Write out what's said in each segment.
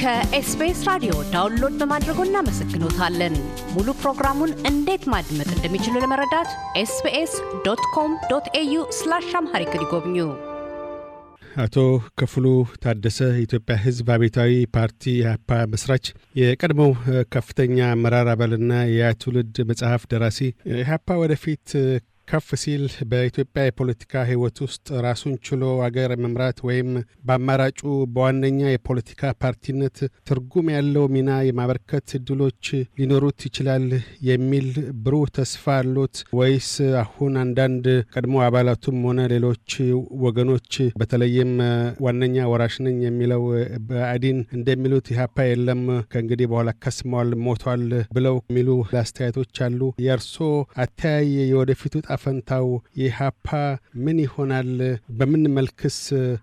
ከኤስቢኤስ ራዲዮ ዳውንሎድ በማድረጎ እናመሰግኖታለን። ሙሉ ፕሮግራሙን እንዴት ማድመጥ እንደሚችሉ ለመረዳት ኤስቢኤስ ዶት ኮም ዶት ኤዩ ስላሽ አምሃሪክ ይጎብኙ። አቶ ክፍሉ ታደሰ የኢትዮጵያ ሕዝብ አብዮታዊ ፓርቲ ኢህአፓ መስራች፣ የቀድሞው ከፍተኛ አመራር አባልና የትውልድ መጽሐፍ ደራሲ ኢህአፓ ወደፊት ከፍ ሲል በኢትዮጵያ የፖለቲካ ሕይወት ውስጥ ራሱን ችሎ አገር መምራት ወይም በአማራጩ በዋነኛ የፖለቲካ ፓርቲነት ትርጉም ያለው ሚና የማበርከት እድሎች ሊኖሩት ይችላል የሚል ብሩህ ተስፋ አሎት ወይስ አሁን አንዳንድ ቀድሞ አባላቱም ሆነ ሌሎች ወገኖች በተለይም ዋነኛ ወራሽ ነኝ የሚለው በአዲን እንደሚሉት ኢህአፓ የለም ከእንግዲህ በኋላ ከስመዋል ሞቷል ብለው የሚሉ አስተያየቶች አሉ። የእርሶ አተያይ የወደፊቱ አፈንታው የኢህአፓ ምን ይሆናል? በምን መልክስ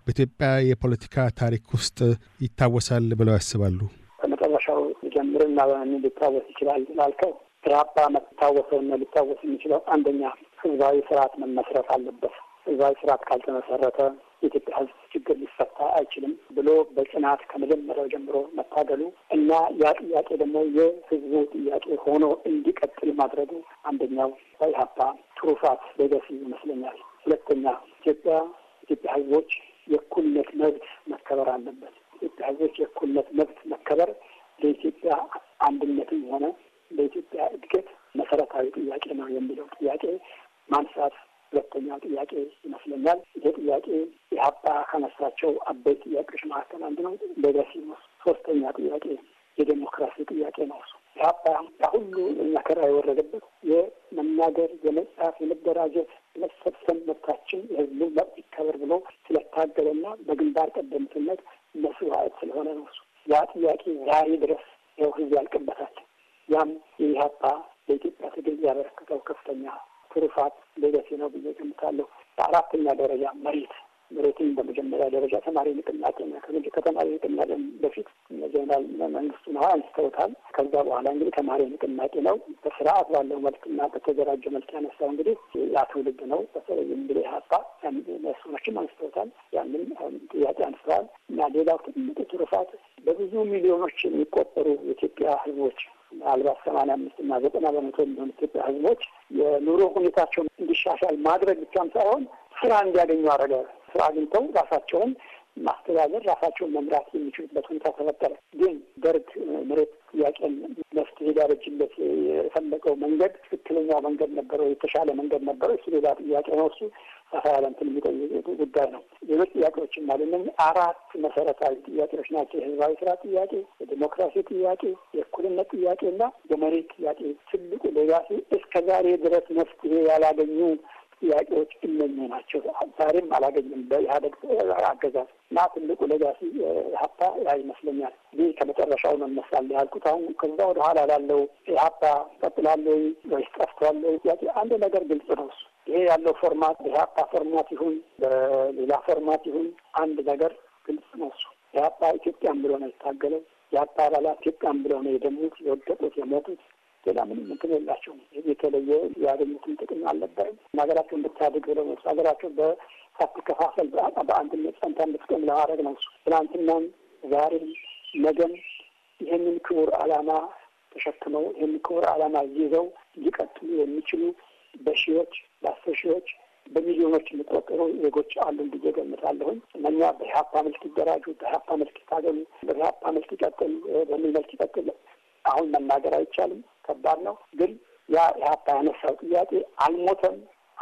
በኢትዮጵያ የፖለቲካ ታሪክ ውስጥ ይታወሳል ብለው ያስባሉ? ከመጨረሻው ጀምርና በምን ሊታወስ ይችላል ላልከው ኢህአፓ መታወሰውና ሊታወስ የሚችለው አንደኛ ህዝባዊ ስርዓት መመስረት አለበት። ህዝባዊ ስርዓት ካልተመሰረተ የኢትዮጵያ ሕዝብ ችግር ሊፈታ አይችልም ብሎ በጽናት ከመጀመሪያው ጀምሮ መታገሉ እና ያ ጥያቄ ደግሞ የሕዝቡ ጥያቄ ሆኖ እንዲቀጥል ማድረጉ አንደኛው በኢህአፓ ትሩፋት ሌገሲ ይመስለኛል። ሁለተኛ ኢትዮጵያ ኢትዮጵያ ሕዝቦች የእኩልነት መብት መከበር አለበት። ኢትዮጵያ ሕዝቦች የእኩልነት መብት መከበር ለኢትዮጵያ አንድነትም ሆነ ለኢትዮጵያ እድገት መሰረታዊ ጥያቄ ነው የሚለው ጥያቄ ማንሳት ሁለተኛው ጥያቄ ይመስለኛል። ይሄ ጥያቄ የሀባ ከነሳቸው አበይ ጥያቄዎች መካከል አንዱ ነው። ሌጋሲ ሶስተኛ ጥያቄ የዴሞክራሲ ጥያቄ ነው። እሱ የሀባ ሁሉ መከራ የወረደበት የመናገር፣ የመጽሐፍ የመደራጀት፣ የመሰብሰብ መብታችን የህዝቡ መብት ይከበር ብሎ ስለታገለና በግንባር ቀደምትነት መስዋዕት ስለሆነ ነው። እሱ ያ ጥያቄ ዛሬ ድረስ ያው ህዝብ ያልቅበታል። ያም የኢህአፓ በኢትዮጵያ ትግል ያበረከተው ከፍተኛ ትሩፋት ሌጋሲ ነው ብዬ ገምታለሁ። በአራተኛ ደረጃ መሬት መሬትን በመጀመሪያ ደረጃ ተማሪ ንቅናቄ ከተማሪ ንቅናቄ በፊት ጀነራል መንግስቱ ነዋ አንስተውታል። ከዛ በኋላ እንግዲህ ተማሪ ንቅናቄ ነው በስርዓት ባለው መልክና በተደራጀ መልክ ያነሳው እንግዲህ ያ ትውልድ ነው። በተለይ እንግዲህ ሀባ መስኖችም አንስተውታል። ያንም ጥያቄ አንስተዋል እና ሌላው ትልቅ ትሩፋት በብዙ ሚሊዮኖች የሚቆጠሩ የኢትዮጵያ ህዝቦች ምናልባት ሰማንያ አምስት እና ዘጠና በመቶ የሚሆኑ ኢትዮጵያ ህዝቦች የኑሮ ሁኔታቸውን እንዲሻሻል ማድረግ ብቻም ሳይሆን ስራ እንዲያገኙ አደረገ። ስራ አግኝተው ራሳቸውን ማስተዳደር ራሳቸውን መምራት የሚችሉበት ሁኔታ ተፈጠረ። ግን ደርግ መሬት ጥያቄን መፍትሄ ሊያበጅለት የፈለገው መንገድ ትክክለኛ መንገድ ነበረው? የተሻለ መንገድ ነበረው? እሱ ሌላ ጥያቄ ነው። እሱ ሰፋ ያለ እንትን የሚቆይ ጉዳይ ነው። ሌሎች ጥያቄዎችም አሉ። እነዚህ አራት መሰረታዊ ጥያቄዎች ናቸው። የህዝባዊ ስራ ጥያቄ፣ የዲሞክራሲ ጥያቄ፣ የእኩልነት ጥያቄ እና የመሬት ጥያቄ። ትልቁ ሌጋሲ እስከ ዛሬ ድረስ መፍትሄ ያላገኙ ጥያቄዎች እነኚህ ናቸው። ዛሬም አላገኝም በኢህአደግ አገዛዝ እና ትልቁ ሌጋሲ ኢህአፓ ያ ይመስለኛል። ይህ ከመጨረሻው መነሳል ያልኩት አሁን ከዛ ወደ ኋላ ላለው ኢህአፓ ቀጥላለ ወይስ ጠፍቷለ ጥያቄ አንድ ነገር ግልጽ ነው እሱ ይሄ ያለው ፎርማት ኢህአፓ ፎርማት ይሁን በሌላ ፎርማት ይሁን አንድ ነገር ግልጽ ነው። እሱ ኢህአፓ ኢትዮጵያን ብሎ ነው የታገለው። የአፓ አባላት ኢትዮጵያን ብሎ ነው የደሙት፣ የወደቁት፣ የሞቱት። ሌላ ምንም እንትን የላቸውም። የተለየ ያገኙትን ጥቅም አልነበረም። ሀገራቸው ብታድግ ብለው ነው ሀገራቸው ሳትከፋፈል በአንድነት ጸንታ እንድትቆም ለማድረግ ነው እሱ። ትናንትናም ዛሬም ነገም ይህንን ክቡር ዓላማ ተሸክመው ይህንን ክቡር ዓላማ ይዘው ሊቀጥሉ የሚችሉ በሺዎች በአስር ሺዎች በሚሊዮኖች የሚቆጠሩ ዜጎች አሉን ብዬ ገምታለሁኝ። እነኛ በኢህአፓ መልክ ይደራጁ፣ በኢህአፓ መልክ ይታገሉ፣ በኢህአፓ መልክ ይቀጥል በሚል መልክ ይቀጥል አሁን መናገር አይቻልም። ከባድ ነው። ግን ያ ኢህአፓ ያነሳው ጥያቄ አልሞተም፣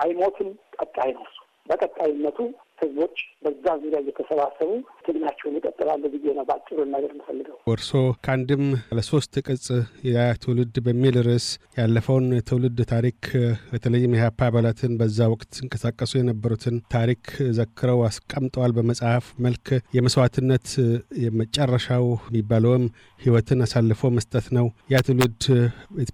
አይሞትም፣ ቀጣይ ነው። በቀጣይነቱ ህዝቦች በዛ ዙሪያ እየተሰባሰቡ ትግላቸውን ይቀጥላሉ ብዬ ነው በአጭሩ ነገር የምፈልገው። እርስዎ ከአንድም ለሶስት ቅጽ ያ ትውልድ በሚል ርዕስ ያለፈውን ትውልድ ታሪክ በተለይም የሀፓ አባላትን በዛ ወቅት ሲንቀሳቀሱ የነበሩትን ታሪክ ዘክረው አስቀምጠዋል በመጽሐፍ መልክ። የመስዋዕትነት የመጨረሻው የሚባለውም ህይወትን አሳልፎ መስጠት ነው። ያ ትውልድ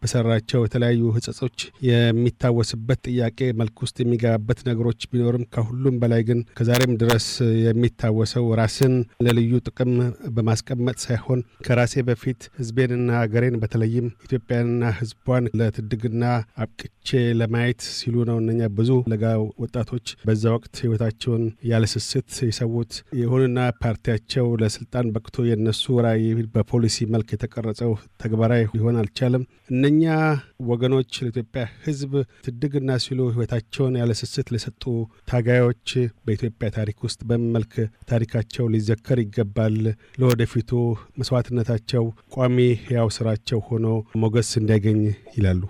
በሰራቸው የተለያዩ ህጸጾች የሚታወስበት ጥያቄ መልክ ውስጥ የሚገባበት ነገሮች ቢኖርም ከሁሉም በላይ ግን ከዛሬም ድረስ የሚታወሰው ራስ ራስን ለልዩ ጥቅም በማስቀመጥ ሳይሆን ከራሴ በፊት ህዝቤንና ሀገሬን በተለይም ኢትዮጵያንና ህዝቧን ለትድግና አብቅቼ ለማየት ሲሉ ነው እነኛ ብዙ ለጋ ወጣቶች በዛ ወቅት ህይወታቸውን ያለስስት የሰዉት። ይሁንና ፓርቲያቸው ለስልጣን በቅቶ የነሱ ራዕይ በፖሊሲ መልክ የተቀረጸው ተግባራዊ ሊሆን አልቻለም። እነኛ ወገኖች ለኢትዮጵያ ህዝብ ትድግና ሲሉ ህይወታቸውን ያለስስት ለሰጡ ታጋዮች በኢትዮጵያ ታሪክ ውስጥ በምን መልክ ታሪካቸው ሊዘከር ይገባል። ለወደፊቱ መስዋዕትነታቸው ቋሚ ሕያው ስራቸው ሆኖ ሞገስ እንዲያገኝ ይላሉ።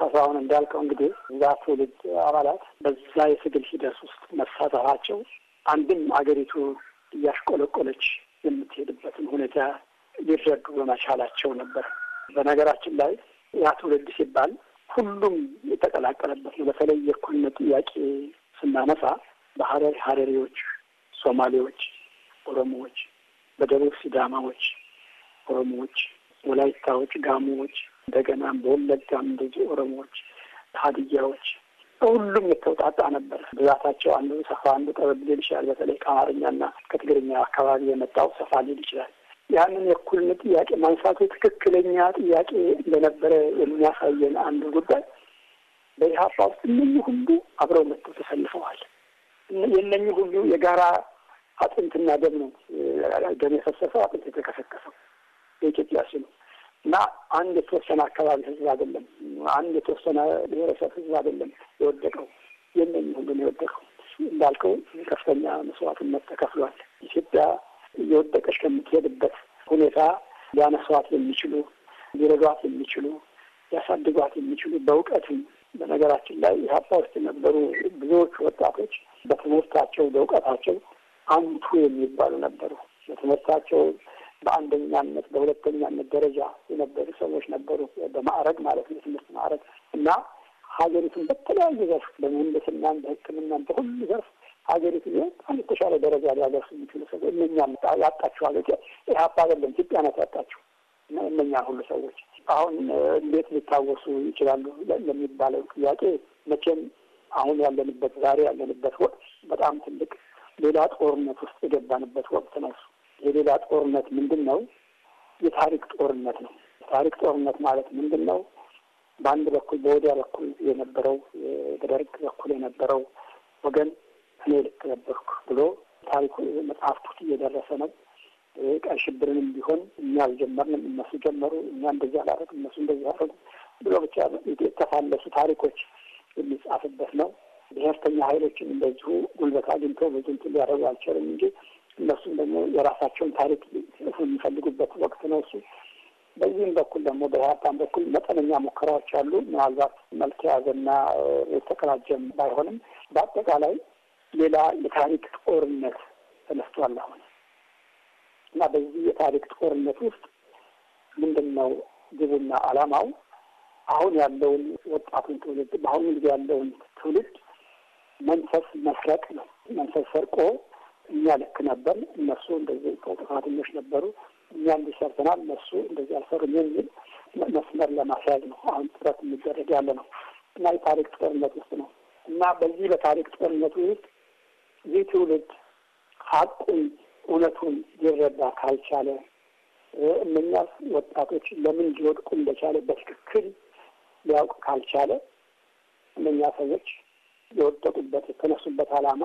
ከሳሁን እንዳልከው እንግዲህ እዛ ትውልድ አባላት በዛ የትግል ሂደት ውስጥ መሳተፋቸው አንድም አገሪቱ እያሽቆለቆለች የምትሄድበትን ሁኔታ ሊረዱ በመቻላቸው ነበር። በነገራችን ላይ ያ ትውልድ ሲባል ሁሉም የተቀላቀለበት ነው። በተለይ የእኩልነት ጥያቄ ስናነሳ በሀረሪ ሀረሪዎች፣ ሶማሌዎች፣ ኦሮሞዎች፣ በደቡብ ሲዳማዎች፣ ኦሮሞዎች፣ ወላይታዎች፣ ጋሞዎች፣ እንደገና በወለጋም እንደዚህ ኦሮሞዎች፣ ሀዲያዎች ሁሉም የተውጣጣ ነበር። ብዛታቸው አንዱ ሰፋ አንዱ ጠበብ ሊል ይችላል። በተለይ ከአማርኛና ከትግርኛ አካባቢ የመጣው ሰፋ ሊል ይችላል። ያንን የእኩልነት ጥያቄ ማንሳቱ ትክክለኛ ጥያቄ እንደነበረ የሚያሳየን አንዱ ጉዳይ በኢህአፓ ውስጥ እነኚህ ሁሉ አብረው መጥተው ተሰልፈዋል። የእነኚህ ሁሉ የጋራ አጥንትና ደም ነው። ደም የፈሰሰው አጥንት የተከሰከሰው በኢትዮጵያ ሲ ነው እና አንድ የተወሰነ አካባቢ ህዝብ አይደለም፣ አንድ የተወሰነ ብሔረሰብ ህዝብ አይደለም የወደቀው የለኝ ሁሉም የወደቀው እንዳልከው ከፍተኛ መስዋዕትነት ተከፍሏል። ኢትዮጵያ እየወደቀች ከምትሄድበት ሁኔታ ሊያነሷት የሚችሉ ሊረዷት የሚችሉ ሊያሳድጓት የሚችሉ በእውቀትም በነገራችን ላይ ኢህአፓ ውስጥ የነበሩ ብዙዎቹ ወጣቶች በትምህርታቸው በእውቀታቸው አንቱ የሚባሉ ነበሩ። በትምህርታቸው በአንደኛነት በሁለተኛነት ደረጃ የነበሩ ሰዎች ነበሩ። በማዕረግ ማለት ነው፣ የትምህርት ማዕረግ እና ሀገሪቱን በተለያየ ዘርፍ በምህንድስናም፣ በሕክምናም በሁሉ ዘርፍ ሀገሪቱ በጣም የተሻለ ደረጃ ሊያደርሱ የሚችሉ ሰዎች እነኛም ያጣችሁ አለ ኢህአፓ አይደለም ኢትዮጵያ ናት ያጣችሁ። እነኛ ሁሉ ሰዎች አሁን እንዴት ሊታወሱ ይችላሉ ለሚባለው ጥያቄ መቼም አሁን ያለንበት ዛሬ ያለንበት ወቅት በጣም ትልቅ ሌላ ጦርነት ውስጥ የገባንበት ወቅት ነው። የሌላ ጦርነት ምንድን ነው? የታሪክ ጦርነት ነው። የታሪክ ጦርነት ማለት ምንድን ነው? በአንድ በኩል በወዲያ በኩል የነበረው በደርግ በኩል የነበረው ወገን እኔ ልክ ነበርኩ ብሎ ታሪኩ መጽሐፍት ውስጥ እየደረሰ ነው። ቀይ ሽብርንም ቢሆን እኛ አልጀመርንም፣ እነሱ ጀመሩ፣ እኛ እንደዚህ አላረግ፣ እነሱ እንደዚህ አረጉ ብሎ ብቻ የተፋለሱ ታሪኮች የሚጻፍበት ነው። ብሔርተኛ ሀይሎችን እንደዚሁ ጉልበት አግኝቶ ብዙ እንትን ሊያደርጉ አልችልም እንጂ እነሱም ደግሞ የራሳቸውን ታሪክ የሚፈልጉበት ወቅት ነው እሱ። በዚህም በኩል ደግሞ በኢህአፓም በኩል መጠነኛ ሙከራዎች አሉ። ምናልባት መልክ የያዘና የተቀናጀም ባይሆንም በአጠቃላይ ሌላ የታሪክ ጦርነት ተነስቷል አሁን እና በዚህ የታሪክ ጦርነት ውስጥ ምንድን ነው ግቡና አላማው አሁን ያለውን ወጣቱን ትውልድ በአሁኑ ጊዜ ያለውን ትውልድ መንፈስ መስረቅ ነው። መንፈስ ሰርቆ እኛ ልክ ነበር፣ እነሱ እንደዚህ ጥፋተኞች ነበሩ፣ እኛ እንዲሰርተናል፣ እነሱ እንደዚህ አልሰሩም የሚል መስመር ለማስያዝ ነው አሁን ጥረት የሚደረግ ያለ ነው እና የታሪክ ጦርነት ውስጥ ነው እና በዚህ በታሪክ ጦርነቱ ውስጥ ይህ ትውልድ ሀቁን እውነቱን ሊረዳ ካልቻለ እነኛ ወጣቶች ለምን ሊወድቁ እንደቻለ በትክክል ሊያውቅ ካልቻለ እነኛ ሰዎች የወደቁበት የተነሱበት ዓላማ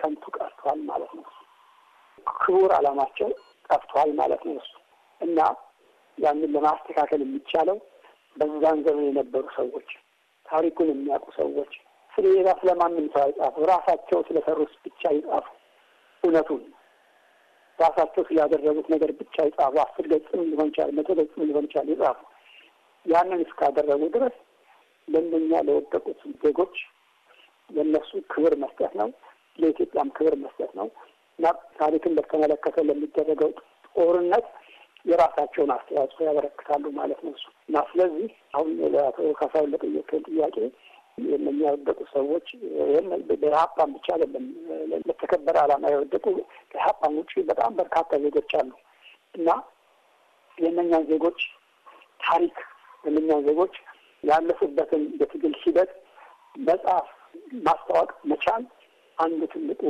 ከንቱ ቀርቷል ማለት ነው። ክቡር ዓላማቸው ቀርቷል ማለት ነው እሱ እና ያንን ለማስተካከል የሚቻለው በዛን ዘመን የነበሩ ሰዎች፣ ታሪኩን የሚያውቁ ሰዎች ስለ ሌላ ስለማንም ሰው አይጻፉ። ራሳቸው ስለሰሩት ብቻ ይጻፉ። እውነቱን ራሳቸው ስላደረጉት ነገር ብቻ ይጻፉ። አስር ገጽም ሊሆን ይችላል፣ መቶ ገጽም ሊሆን ይችላል ይጻፉ። ያንን እስካደረጉ ድረስ ለእነኛ ለወደቁት ዜጎች ለእነሱ ክብር መስጠት ነው፣ ለኢትዮጵያም ክብር መስጠት ነው እና ታሪክን በተመለከተ ለሚደረገው ጦርነት የራሳቸውን አስተዋጽኦ ያበረክታሉ ማለት ነው እና ስለዚህ አሁን አቶ ካሳሁን ለጠየቀኝ ጥያቄ የሚያወደቁ ሰዎች ወይም በሀፓም ብቻ አይደለም ለተከበረ ዓላማ የወደቁ ከሀፓም ውጭ በጣም በርካታ ዜጎች አሉ እና የእነኛን ዜጎች ታሪክ የእነኛን ዜጎች ያለፉበትን የትግል ሂደት መጽሐፍ ማስታወቅ መቻል አንዱ ትልቁ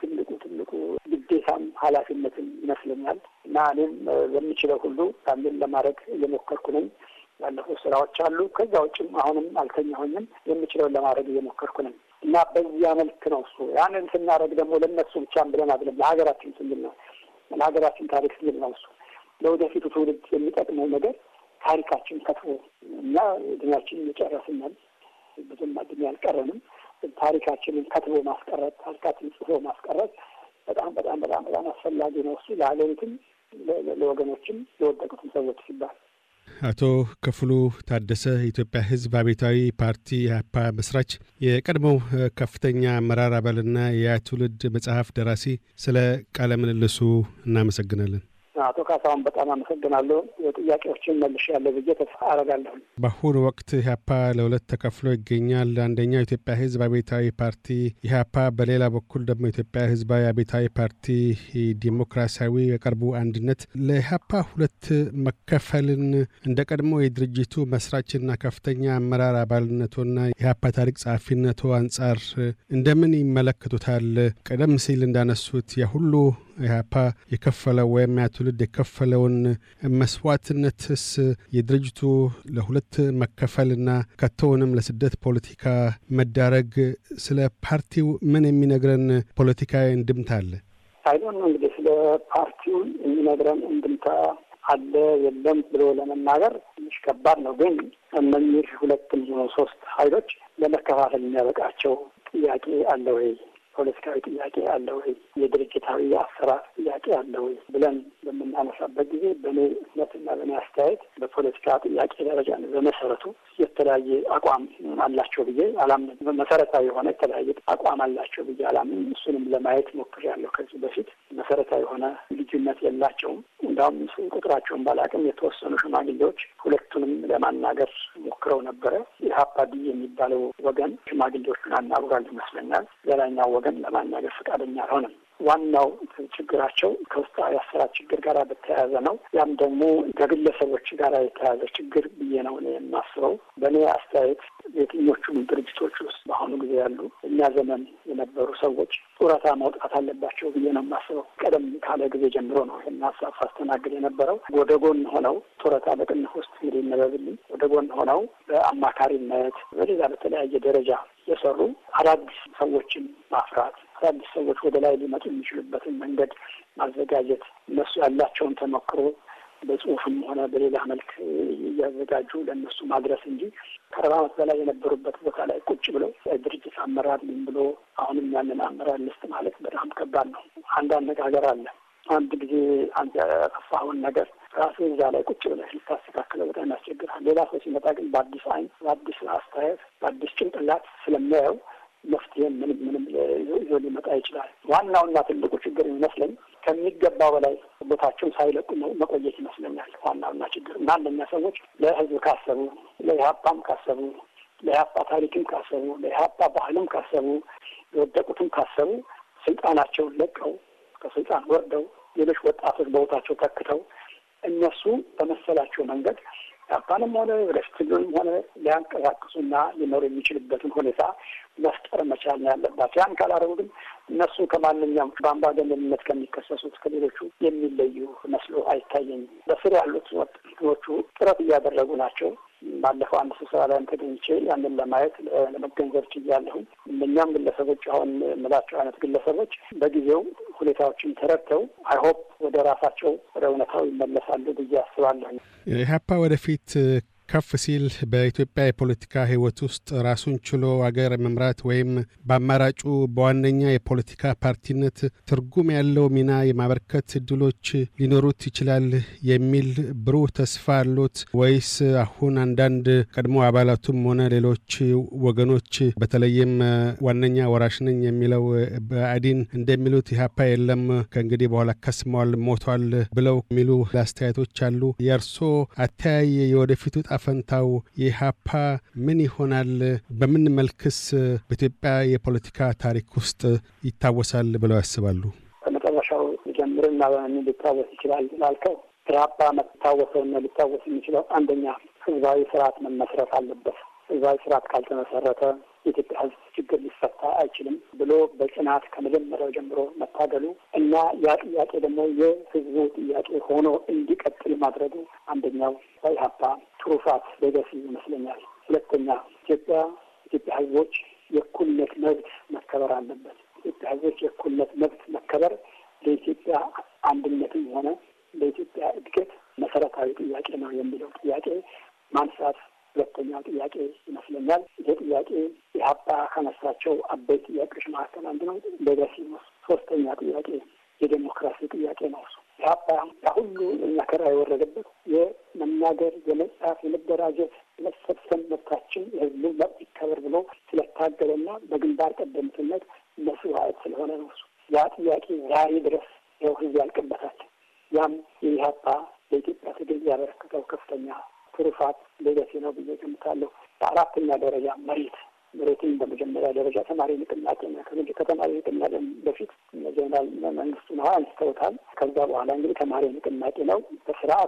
ትልቁ ትልቁ ግዴታም ኃላፊነትም ይመስለኛል እና እኔም በምችለው ሁሉ ያንን ለማድረግ እየሞከርኩ ነኝ። ያለፉ ስራዎች አሉ። ከዛ ውጭም አሁንም አልተኛሁኝም። የምችለውን ለማድረግ እየሞከርኩ ነኝ እና በዚያ መልክ ነው እሱ። ያንን ስናደረግ ደግሞ ለእነሱ ብቻም ብለን አይደለም፣ ለሀገራችን ስንል ነው፣ ለሀገራችን ታሪክ ስንል ነው እሱ። ለወደፊቱ ትውልድ የሚጠቅመው ነገር ታሪካችን ከትቦ እና እድሜያችን እየጨረስናል፣ ብዙም እድሜ አልቀረንም። ታሪካችንን ከትቦ ማስቀረት፣ ታሪካችንን ጽፎ ማስቀረት በጣም በጣም በጣም በጣም አስፈላጊ ነው። እሱ ለሀገሪቱም ለወገኖችም የወደቁትም ሰዎች ሲባል አቶ ክፍሉ ታደሰ የኢትዮጵያ ሕዝብ አብዮታዊ ፓርቲ ኢህአፓ መስራች፣ የቀድሞው ከፍተኛ አመራር አባልና የትውልድ መጽሐፍ ደራሲ፣ ስለ ቃለ ምልልሱ እናመሰግናለን። አቶ ካሳሁን በጣም አመሰግናለሁ። ጥያቄዎችን መልሽ ያለ ብዬ ተስፋ አረጋለሁ። በአሁኑ ወቅት ኢህአፓ ለሁለት ተከፍሎ ይገኛል። አንደኛው ኢትዮጵያ ህዝብ አብዮታዊ ፓርቲ ኢህአፓ፣ በሌላ በኩል ደግሞ ኢትዮጵያ ህዝባዊ አብዮታዊ ፓርቲ ዲሞክራሲያዊ የቀርቡ አንድነት። ለኢህአፓ ሁለት መከፈልን እንደ ቀድሞ የድርጅቱ መስራችና ከፍተኛ አመራር አባልነቶና ኢህአፓ ታሪክ ጸሐፊነቶ አንጻር እንደምን ይመለከቱታል? ቀደም ሲል እንዳነሱት የሁሉ ኢህአፓ የከፈለው ወይም ያ ትውልድ የከፈለውን መስዋዕትነትስ የድርጅቱ ለሁለት መከፈልና ከቶውንም ለስደት ፖለቲካ መዳረግ ስለ ፓርቲው ምን የሚነግረን ፖለቲካዊ እንድምታ አለ? ሳይሆን እንግዲህ ስለ ፓርቲውን የሚነግረን እንድምታ አለ የለም ብሎ ለመናገር ትንሽ ከባድ ነው። ግን እነኚህ ሁለትም ሶስት ኃይሎች ለመከፋፈል የሚያበቃቸው ጥያቄ አለ ወይ ፖለቲካዊ ጥያቄ አለ ወይ፣ የድርጅታዊ አሰራር ጥያቄ አለ ወይ ብለን በምናነሳበት ጊዜ በእኔ እምነትና በእኔ አስተያየት በፖለቲካ ጥያቄ ደረጃ በመሰረቱ የተለያየ አቋም አላቸው ብዬ አላምንም። መሰረታዊ የሆነ የተለያየ አቋም አላቸው ብዬ አላምንም። እሱንም ለማየት ሞክሬያለሁ ከዚህ በፊት መሰረታዊ የሆነ ልዩነት የላቸውም። እንዲሁም ቁጥራቸውን ባላቅም የተወሰኑ ሽማግሌዎች ሁለቱንም ለማናገር ሞክረው ነበረ። ኢህአፓዲ የሚባለው ወገን ሽማግሌዎቹን አናግሯል ይመስለኛል። ሌላኛው ወገን ለማናገር ፈቃደኛ አልሆነም። ዋናው ችግራቸው ከውስጣዊ አሰራር ችግር ጋር በተያያዘ ነው። ያም ደግሞ ከግለሰቦች ጋር የተያያዘ ችግር ብዬ ነው እኔ የማስበው። በእኔ አስተያየት የትኞቹም ድርጅቶች ውስጥ በአሁኑ ጊዜ ያሉ እኛ ዘመን የነበሩ ሰዎች ጡረታ ማውጣት አለባቸው ብዬ ነው የማስበው። ቀደም ካለ ጊዜ ጀምሮ ነው ይህን ሀሳብ ሳስተናግድ የነበረው። ወደ ጎን ሆነው ጡረታ በቅንፍ ውስጥ እንግዲህ ይነበብልኝ፣ ወደ ጎን ሆነው በአማካሪነት በሌላ በተለያየ ደረጃ የሰሩ አዳዲስ ሰዎችን ማፍራት አዳዲስ ሰዎች ወደ ላይ ሊመጡ የሚችሉበትን መንገድ ማዘጋጀት እነሱ ያላቸውን ተሞክሮ በጽሁፍም ሆነ በሌላ መልክ እያዘጋጁ ለእነሱ ማድረስ እንጂ ከአርባ ዓመት በላይ የነበሩበት ቦታ ላይ ቁጭ ብለው ድርጅት አመራር ምን ብሎ አሁንም ያንን አመራር ልስጥ ማለት በጣም ከባድ ነው። አንድ አነጋገር አለ። አንድ ጊዜ አንድ ያጠፋኸውን ነገር ራሱ እዛ ላይ ቁጭ ብለህ ልታስተካክለው በጣም ያስቸግራል። ሌላ ሰው ሲመጣ ግን በአዲስ አይን፣ በአዲስ አስተያየት፣ በአዲስ ጭንቅላት ስለሚያየው መፍትሄም ምንም ምንም ይዞ ሊመጣ ይችላል። ዋናውና ትልቁ ችግር ይመስለኝ ከሚገባ በላይ ቦታቸውን ሳይለቁ መቆየት ይመስለኛል። ዋናውና ችግር እና አንደኛ ሰዎች ለህዝብ ካሰቡ፣ ለኢህአፓም ካሰቡ፣ ለኢህአፓ ታሪክም ካሰቡ፣ ለኢህአፓ ባህልም ካሰቡ፣ የወደቁትም ካሰቡ ስልጣናቸውን ለቀው ከስልጣን ወርደው ሌሎች ወጣቶች በቦታቸው ተክተው እነሱ በመሰላቸው መንገድ ያባንም ሆነ ወደፊትም ሆነ ሊያንቀሳቅሱና ሊኖሩ የሚችልበትን ሁኔታ መፍጠር መቻል ነው ያለባቸው። ያን ካላረጉ ግን እነሱ ከማንኛውም በአምባገነንነት ከሚከሰሱት ከሌሎቹ የሚለዩ መስሎ አይታየኝም። በስር ያሉት ወጣቶቹ ጥረት እያደረጉ ናቸው። ባለፈው አንድ ስብሰባ ላይም ተገኝቼ ያንን ለማየት ለመገንዘብ ችያለሁ። እነኛም ግለሰቦች አሁን የምላቸው አይነት ግለሰቦች በጊዜው ሁኔታዎችን ተረድተው አይሆፕ ወደ ራሳቸው ወደ እውነታው ይመለሳሉ ብዬ አስባለሁ። ኢህአፓ ወደፊት ከፍ ሲል በኢትዮጵያ የፖለቲካ ሕይወት ውስጥ ራሱን ችሎ አገር መምራት ወይም በአማራጩ በዋነኛ የፖለቲካ ፓርቲነት ትርጉም ያለው ሚና የማበርከት እድሎች ሊኖሩት ይችላል የሚል ብሩህ ተስፋ አሎት ወይስ አሁን አንዳንድ ቀድሞ አባላቱም ሆነ ሌሎች ወገኖች በተለይም ዋነኛ ወራሽ ነኝ የሚለው በአዲን እንደሚሉት ኢህአፓ የለም ከእንግዲህ በኋላ ከስሟል፣ ሞቷል ብለው የሚሉ አስተያየቶች አሉ። የእርሶ አተያይ የወደፊቱ ጣ ፈንታው የኢሃፓ ምን ይሆናል? በምን መልክስ በኢትዮጵያ የፖለቲካ ታሪክ ውስጥ ይታወሳል ብለው ያስባሉ? ከመጨረሻው ጀምርና በምን ሊታወስ ይችላል ላልከው ኢህአፓ መታወሰውና ሊታወስ የሚችለው አንደኛ ህዝባዊ ስርዓት መመስረት አለበት። ህዝባዊ ስርዓት ካልተመሰረተ የኢትዮጵያ ሕዝብ ችግር ሊፈታ አይችልም ብሎ በጽናት ከመጀመሪያው ጀምሮ መታገሉ እና ያ ጥያቄ ደግሞ የሕዝቡ ጥያቄ ሆኖ እንዲቀጥል ማድረጉ አንደኛው በኢህአፓ ትሩፋት ሌጋሲ ይመስለኛል። ሁለተኛ ኢትዮጵያ ኢትዮጵያ ሕዝቦች የእኩልነት መብት መከበር አለበት። ኢትዮጵያ ሕዝቦች የእኩልነት መብት መከበር ለኢትዮጵያ አንድነትም ሆነ ለኢትዮጵያ እድገት መሰረታዊ ጥያቄ ነው የሚለው ጥያቄ ማንሳት ሁለተኛው ጥያቄ ይመስለኛል። ይሄ ጥያቄ የሀባ ካነሳቸው አበይ ጥያቄዎች መካከል አንዱ ነው። ሌጋሲ ነው። ሶስተኛ ጥያቄ የዴሞክራሲ ጥያቄ ነው። እሱ የሀባ ሁሉ መከራ የወረደበት የመናገር፣ የመጻፍ፣ የመደራጀት፣ የመሰብሰብ መብታችን የህዝቡ መብት ይከበር ብሎ ስለታገለና በግንባር ቀደምትነት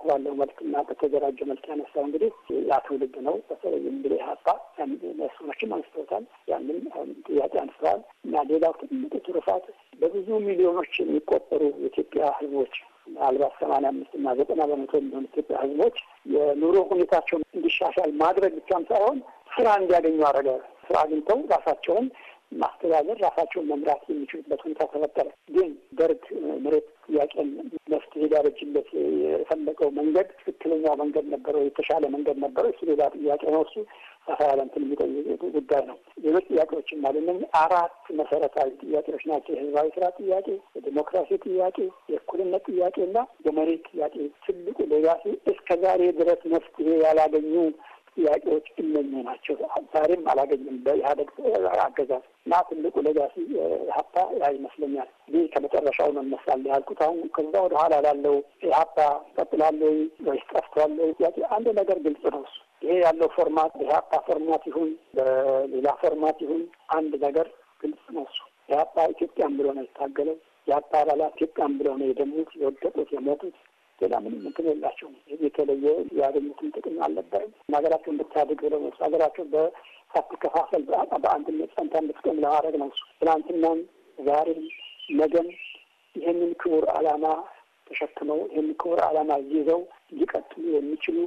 ስርዓት ባለው መልክና በተደራጀ መልክ ያነሳው እንግዲህ ያ ነው። በተለይ እንግዲህ ሀሳ መስኖችም አንስተውታል። ያንን ጥያቄ አንስተዋል እና ሌላው ትልቅ ትሩፋት በብዙ ሚሊዮኖች የሚቆጠሩ የኢትዮጵያ ህዝቦች ምናልባት ሰማንያ አምስት እና ዘጠና በመቶ የሚሆኑ ኢትዮጵያ ህዝቦች የኑሮ ሁኔታቸውን እንዲሻሻል ማድረግ ብቻም ሳይሆን ስራ እንዲያገኙ አረገ። ስራ አግኝተው ራሳቸውን ማስተዳደር ራሳቸውን መምራት የሚችሉበት ሁኔታ ተፈጠረ። ግን ደርግ መሬት ጥያቄን መፍትሄ ሊያበጅለት የፈለገው መንገድ ትክክለኛ መንገድ ነበረው? የተሻለ መንገድ ነበረው? እሱ ሌላ ጥያቄ ነው። እሱ ሰፋ ያለ እንትን የሚጠይቅ ጉዳይ ነው። ሌሎች ጥያቄዎችም አሉ። እነዚህ አራት መሰረታዊ ጥያቄዎች ናቸው። የህዝባዊ ስራ ጥያቄ፣ የዲሞክራሲ ጥያቄ፣ የእኩልነት ጥያቄ እና የመሬት ጥያቄ። ትልቁ ሌጋሲ እስከ ዛሬ ድረስ መፍትሄ ያላገኙ ጥያቄዎች እነኝ ናቸው። ዛሬም አላገኝም በኢህአደግ አገዛዝ እና ትልቁ ለጋሲ ኢህአፓ ያ ይመስለኛል። ይህ ከመጨረሻው ነው ይመስላል ያልኩት አሁን ከዛ ወደ ኋላ ላለው ኢህአፓ ይቀጥላል ወይስ ጠፍቷል ጥያቄ አንድ ነገር ግልጽ ነው እሱ ይሄ ያለው ፎርማት ኢህአፓ ፎርማት ይሁን በሌላ ፎርማት ይሁን አንድ ነገር ግልጽ ነው እሱ ኢህአፓ ኢትዮጵያን ብሎ ነው የታገለው የአፓ አባላት ኢትዮጵያን ብሎ ነው የደሙት፣ የወደቁት፣ የሞቱት ሌላ ምንም እንትን የላቸውም። የተለየ ያገኙትን ጥቅም አልነበረም። ሀገራቸው እንድታድግ ብለው ሀገራቸው በሳትከፋፈል በአንድነት ጸንታ እንድትቆም ለማድረግ ነው። ትናንትናም፣ ዛሬም፣ ነገም ይህንን ክቡር ዓላማ ተሸክመው ይህንን ክቡር ዓላማ ይዘው ሊቀጥሉ የሚችሉ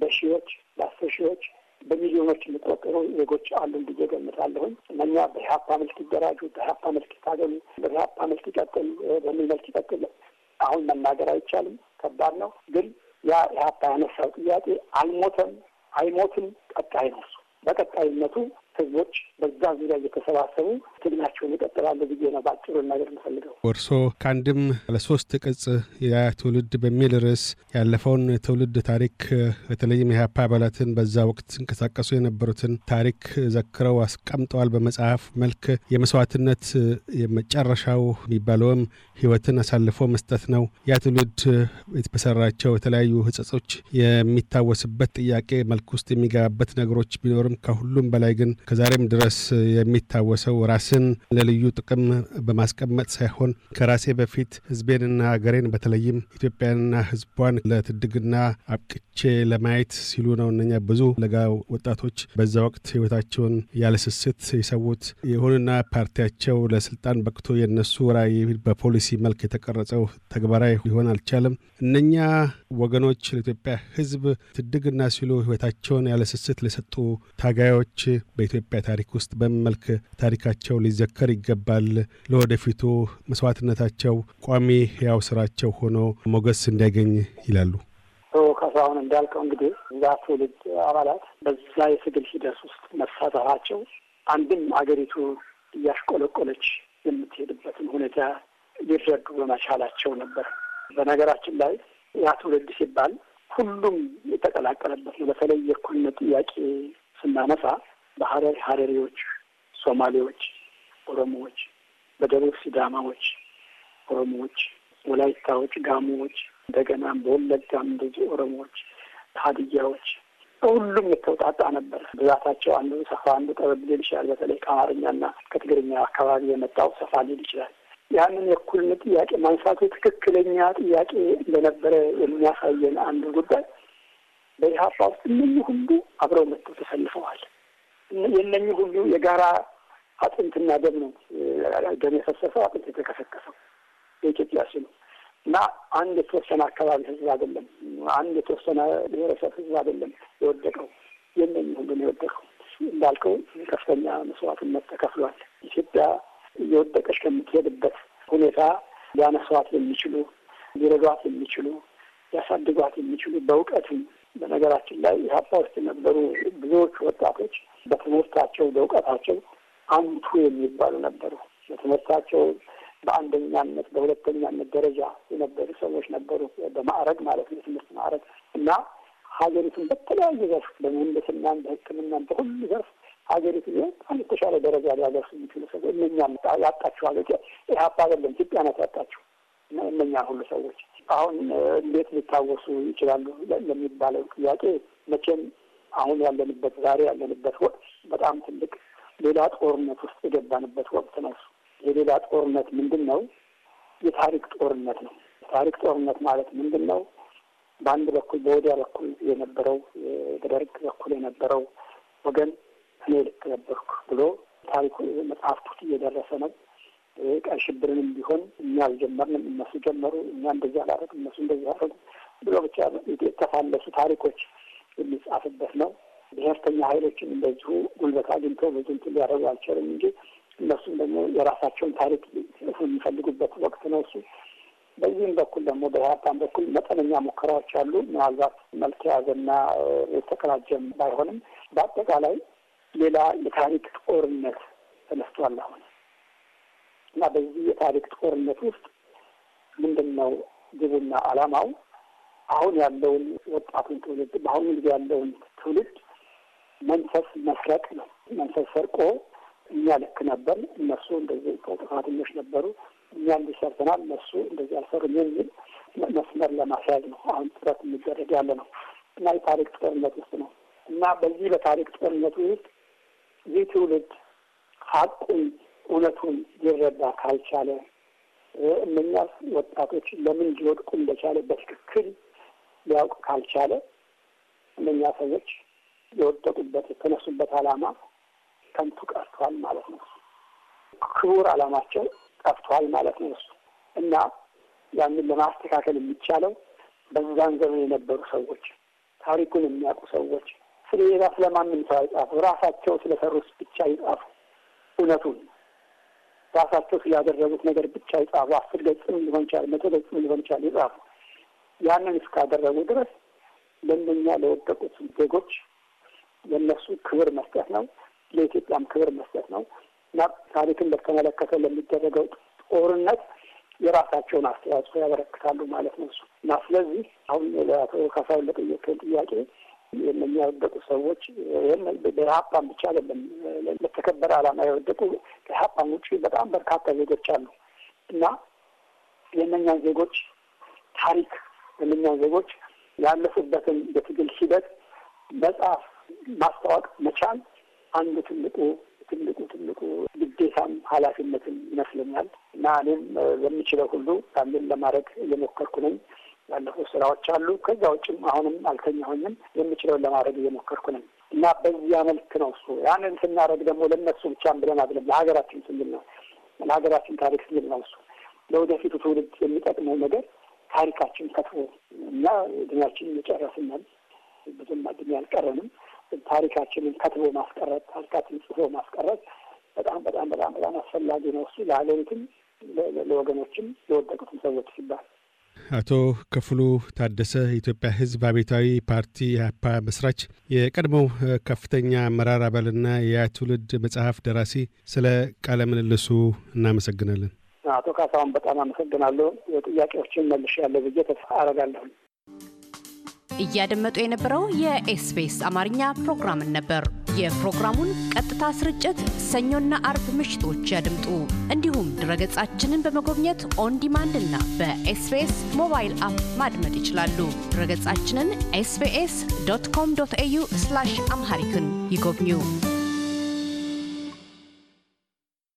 በሺዎች በአስር ሺዎች በሚሊዮኖች የሚቆጠሩ ዜጎች አሉን ብዬ ገምታለሁኝ። እነኛ በኢህአፓ መልክ ይደራጁ፣ በኢህአፓ መልክ ይታገሉ፣ በኢህአፓ መልክ ይቀጥል በሚል መልክ ይቀጥል አሁን መናገር አይቻልም። ከባድ ነው። ግን ያ ኢህአፓ ያነሳው ጥያቄ አልሞተም አይሞትም፣ ቀጣይ ነው። በቀጣይነቱ ህዝቦች በዛ ዙሪያ እየተሰባሰቡ ትግላቸውን ይቀጥላሉ ብዬ ነው በአጭሩ ነገር የምፈልገው። እርስዎ ከአንድም ለሶስት ቅጽ ትውልድ በሚል ርዕስ ያለፈውን ትውልድ ታሪክ በተለይም የሀፓ አባላትን በዛ ወቅት ሲንቀሳቀሱ የነበሩትን ታሪክ ዘክረው አስቀምጠዋል በመጽሐፍ መልክ። የመስዋዕትነት የመጨረሻው የሚባለውም ህይወትን አሳልፎ መስጠት ነው። ያ ትውልድ በሰራቸው የተለያዩ ህጸጾች የሚታወስበት ጥያቄ መልክ ውስጥ የሚገባበት ነገሮች ቢኖርም ከሁሉም በላይ ግን ከዛሬም ድረስ የሚታወሰው ራስን ለልዩ ጥቅም በማስቀመጥ ሳይሆን ከራሴ በፊት ህዝቤንና ሀገሬን በተለይም ኢትዮጵያንና ህዝቧን ለትድግና አብቅቼ ለማየት ሲሉ ነው። እነኛ ብዙ ለጋ ወጣቶች በዛ ወቅት ህይወታቸውን ያለስስት የሰዉት። ይሁንና ፓርቲያቸው ለስልጣን በቅቶ የነሱ ራዕይ በፖሊሲ መልክ የተቀረጸው ተግባራዊ ሊሆን አልቻለም። እነኛ ወገኖች ለኢትዮጵያ ህዝብ ትድግና ሲሉ ሕይወታቸውን ያለስስት ለሰጡ ታጋዮች በኢትዮጵያ ታሪክ ውስጥ በምን መልክ ታሪካቸው ሊዘከር ይገባል? ለወደፊቱ መስዋዕትነታቸው ቋሚ ሕያው ስራቸው ሆኖ ሞገስ እንዲያገኝ ይላሉ። ከሳሁን እንዳልከው እንግዲህ እዛ ትውልድ አባላት በዛ የትግል ሂደት ውስጥ መሳተፋቸው አንድም አገሪቱ እያሽቆለቆለች የምትሄድበትን ሁኔታ ሊረዱ በመቻላቸው ነበር። በነገራችን ላይ ያ ትውልድ ሲባል ሁሉም የተቀላቀለበት ነው። በተለይ የእኩልነት ጥያቄ ስናነሳ በሀረሪ ሀረሪዎች፣ ሶማሌዎች፣ ኦሮሞዎች፣ በደቡብ ሲዳማዎች፣ ኦሮሞዎች፣ ወላይታዎች፣ ጋሞዎች እንደገና በወለጋም እንደዚህ ኦሮሞዎች፣ ሀድያዎች ሁሉም የተውጣጣ ነበር። ብዛታቸው አንዱ ሰፋ አንዱ ጠበብ ሊል ይችላል። በተለይ ከአማርኛና ከትግርኛ አካባቢ የመጣው ሰፋ ሊል ይችላል። ያንን የእኩልነት ጥያቄ ማንሳቱ ትክክለኛ ጥያቄ እንደነበረ የሚያሳየን አንዱ ጉዳይ በኢህአፓ ውስጥ ምን ሁሉ አብረው መጥተው ተሰልፈዋል። የእነኚህ ሁሉ የጋራ አጥንትና ደም ነው። ደም የፈሰሰው አጥንት የተከሰከሰው በኢትዮጵያ ስ ነው እና አንድ የተወሰነ አካባቢ ህዝብ አይደለም፣ አንድ የተወሰነ ብሔረሰብ ህዝብ አይደለም የወደቀው የእነኚህ ሁሉ ነው የወደቀው። እንዳልከው ከፍተኛ መስዋዕትነት ተከፍሏል። ኢትዮጵያ እየወደቀች ከምትሄድበት ሁኔታ ሊያነሷት የሚችሉ ሊረዷት የሚችሉ ሊያሳድጓት የሚችሉ በእውቀትም በነገራችን ላይ ኢህአፓ ውስጥ የነበሩ ብዙዎቹ ወጣቶች በትምህርታቸው በእውቀታቸው አንቱ የሚባሉ ነበሩ። በትምህርታቸው በአንደኛነት በሁለተኛነት ደረጃ የነበሩ ሰዎች ነበሩ። በማዕረግ ማለት ነው፣ የትምህርት ማዕረግ እና ሀገሪቱን በተለያየ ዘርፍ በምህንድስናም፣ በሕክምናም በሁሉ ዘርፍ ሀገሪቱን በጣም የተሻለ ደረጃ ሊያደርስ የሚችሉ ሰዎች እነኛ ያጣችሁ ሀገር ኢህአፓ አይደለም ኢትዮጵያ ናት ያጣችሁ እና እነኛ ሁሉ ሰዎች አሁን እንዴት ሊታወሱ ይችላሉ ለሚባለው ጥያቄ መቼም አሁን ያለንበት ዛሬ ያለንበት ወቅት በጣም ትልቅ ሌላ ጦርነት ውስጥ የገባንበት ወቅት ነው። የሌላ ጦርነት ምንድን ነው? የታሪክ ጦርነት ነው። የታሪክ ጦርነት ማለት ምንድን ነው? በአንድ በኩል በወዲያ በኩል የነበረው በደርግ በኩል የነበረው ወገን እኔ ልክ ነበርኩ ብሎ ታሪኩ መጽሐፍት እየደረሰ ነው። ቀይ ሽብርንም ቢሆን እኛ አልጀመርንም፣ እነሱ ጀመሩ፣ እኛ እንደዚህ አላረግ፣ እነሱ እንደዚህ አረጉ ብሎ ብቻ የተፋለሱ ታሪኮች የሚጻፍበት ነው። ብሔርተኛ ኃይሎችን እንደዚሁ ጉልበት አግኝቶ ብዙ እንትን ሊያደርጉ አልቻሉም እንጂ እነሱም ደግሞ የራሳቸውን ታሪክ የሚፈልጉበት ወቅት ነው እሱ። በዚህም በኩል ደግሞ በኢህአፓን በኩል መጠነኛ ሙከራዎች አሉ። ምናልባት መልክ የያዘና የተቀናጀም ባይሆንም በአጠቃላይ ሌላ የታሪክ ጦርነት ተነስቷል አሁን እና በዚህ የታሪክ ጦርነት ውስጥ ምንድን ነው ግቡና አላማው? አሁን ያለውን ወጣቱን ትውልድ በአሁኑ ጊዜ ያለውን ትውልድ መንፈስ መስረቅ ነው። መንፈስ ሰርቆ እኛ ልክ ነበር፣ እነሱ እንደዚህ ጥፋተኞች ነበሩ፣ እኛ እንዲሰርተናል፣ እነሱ እንደዚህ አልሰሩም የሚል መስመር ለማስያዝ ነው አሁን ጥረት የሚደረግ ያለ ነው እና የታሪክ ጦርነት ውስጥ ነው እና በዚህ በታሪክ ጦርነቱ ውስጥ ይህ ትውልድ ሀቁን እውነቱን ሊረዳ ካልቻለ እነኛ ወጣቶች ለምን ሊወድቁ እንደቻለ በትክክል ሊያውቅ ካልቻለ እነኛ ሰዎች የወደቁበት የተነሱበት ዓላማ ከንቱ ቀርቷል ማለት ነው። ክቡር ዓላማቸው ቀርቷል ማለት ነው እሱ እና ያንን ለማስተካከል የሚቻለው በዛን ዘመን የነበሩ ሰዎች፣ ታሪኩን የሚያውቁ ሰዎች ስለ ሌላ ስለማንም ሰው አይጻፉ። ራሳቸው ስለሰሩት ብቻ ይጻፉ። እውነቱን ራሳቸው ስላደረጉት ነገር ብቻ ይጻፉ። አስር ገጽም ሊሆን ይችላል፣ መቶ ገጽም ሊሆን ይችላል። ይጻፉ ያንን እስካደረጉ ድረስ ለእነኛ ለወደቁት ዜጎች ለእነሱ ክብር መስጠት ነው፣ ለኢትዮጵያም ክብር መስጠት ነው እና ታሪክን በተመለከተ ለሚደረገው ጦርነት የራሳቸውን አስተዋጽኦ ያበረክታሉ ማለት ነው እሱ እና ስለዚህ አሁን ለአቶ ካሳሁን ለጠየቀኝ ጥያቄ የእነኛ የወደቁ ሰዎች ይህም ብቻ አይደለም ለተከበረ ዓላማ የወደቁ ከሀፓን ውጭ በጣም በርካታ ዜጎች አሉ እና የእነኛን ዜጎች ታሪክ የእኛ ዜጎች ያለፉበትን የትግል ሂደት መጽሐፍ ማስታወቅ መቻል አንዱ ትልቁ ትልቁ ትልቁ ግዴታም ኃላፊነትም ይመስለኛል እና እኔም በሚችለው ሁሉ ታምን ለማድረግ እየሞከርኩ ነኝ። ያለፉ ስራዎች አሉ። ከዛ ውጭም አሁንም አልተኛሁኝም። የምችለውን ለማድረግ እየሞከርኩ ነኝ እና በዚያ መልክ ነው እሱ ያንን ስናደርግ ደግሞ ለእነሱ ብቻም ብለን አይደለም፣ ለሀገራችን ስንል ነው፣ ለሀገራችን ታሪክ ስንል ነው እሱ ለወደፊቱ ትውልድ የሚጠቅመው ነገር ታሪካችን ከፍ እና እድሜያችን የጨረስናል፣ ብዙም እድሜ አልቀረንም። ታሪካችንን ከትቦ ማስቀረት፣ ታሪካችን ጽፎ ማስቀረት በጣም በጣም በጣም በጣም አስፈላጊ ነው። እሱ ለሀገሪቱም ለወገኖችም የወደቁትም ሰዎች ሲባል አቶ ክፍሉ ታደሰ የኢትዮጵያ ሕዝብ አቤታዊ ፓርቲ ኢህአፓ መስራች፣ የቀድሞው ከፍተኛ አመራር አባልና የትውልድ መጽሐፍ ደራሲ፣ ስለ ቃለ ምልልሱ እናመሰግናለን። አቶ ካሳሁን በጣም አመሰግናለሁ። ጥያቄዎችን መልሻለሁ ብዬ ተስፋ አረጋለሁ። እያደመጡ የነበረው የኤስቢኤስ አማርኛ ፕሮግራምን ነበር። የፕሮግራሙን ቀጥታ ስርጭት ሰኞና አርብ ምሽቶች ያድምጡ። እንዲሁም ድረገጻችንን በመጎብኘት ኦን ዲማንድ እና በኤስቢኤስ ሞባይል አፕ ማድመጥ ይችላሉ። ድረገጻችንን ኤስቢኤስ ዶት ኮም ዶት ኤዩ አምሃሪክን ይጎብኙ።